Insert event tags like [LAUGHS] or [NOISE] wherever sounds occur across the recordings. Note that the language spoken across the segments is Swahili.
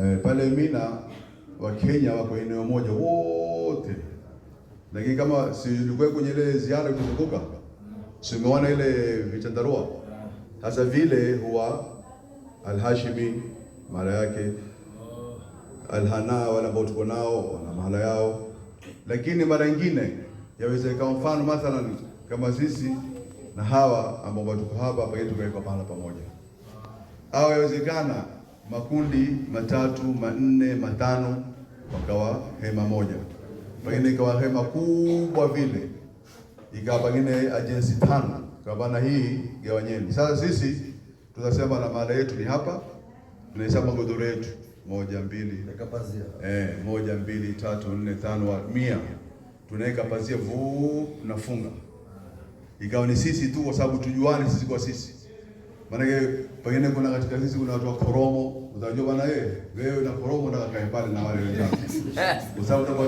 Eh, pale Mina Wakenya wako eneo moja wote, lakini kama si ulikuwa kwenye ile ziara kuzunguka, si umeona ile vichandarua? Sasa vile huwa Alhashimi mahala yake Alhana, wale ambao tuko nao wana mahala yao, lakini mara nyingine yaweza ikawa mfano mathalan kama sisi na hawa ambao watuko hapa hapa yetu kwa pahala pamoja, au yawezekana makundi matatu manne matano wakawa hema moja, pengine ikawa hema kubwa vile, ikawa pengine ajensi tano, bana hii gawanyeni. Sasa sisi tunasema na mada yetu ni hapa, tunahesabu godoro yetu moja mbili, eh, moja mbili tatu nne tano mia, tunaweka pazia vuu, tunafunga ikawa ni sisi tu, kwa sababu tujuane sisi kwa sisi. Maanake pengine kuna katika sisi kuna watu wa Koromo, utajua bwana wewe eh, wewe na Koromo na kakae pale na wale wenzako, kwa sababu tutakuwa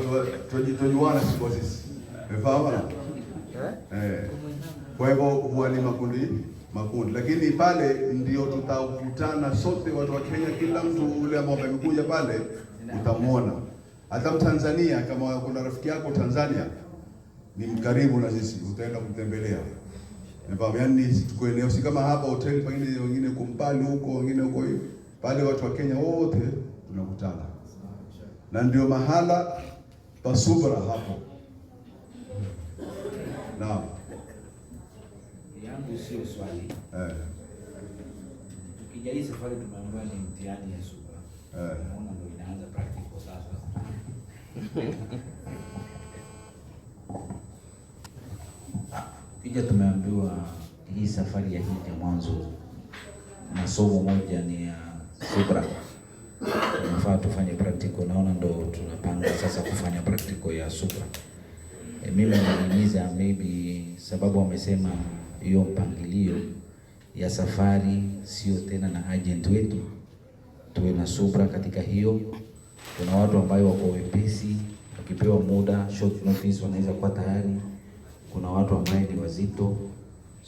tujuane sisi kwa sisi, umefahamu eh? Kwa hivyo huwa ni makundi makundi, lakini pale ndio tutakutana sote watu wa Kenya, kila mtu ule ambao amekuja pale utamwona, hata Mtanzania kama kuna rafiki yako Tanzania ni mkaribu na sisi, utaenda kumtembelea yani tukuelewa, si kama hapa hoteli, pengine wengine kumbali huko, wengine huko hivi. Pale watu wa Kenya wote tunakutana, na ndio mahala pa subra hapo. Naam, yangu sio swali eh. Tukija hii safari tumeambiwa ni mtihani ya subra eh, naona ndio inaanza practical sasa [LAUGHS] Kija tumeambiwa hii safari ya Hija mwanzo na somo moja ni ya subra, tunafaa tufanye practical. Naona ndo tunapanga sasa kufanya practical ya subra. E, mimi naimiza maybe sababu wamesema hiyo mpangilio ya safari sio tena na agent wetu, tuwe na subra katika hiyo. Kuna watu ambayo wako wepesi, wakipewa muda short notice wanaweza kuwa tayari kuna watu ambaye ni wazito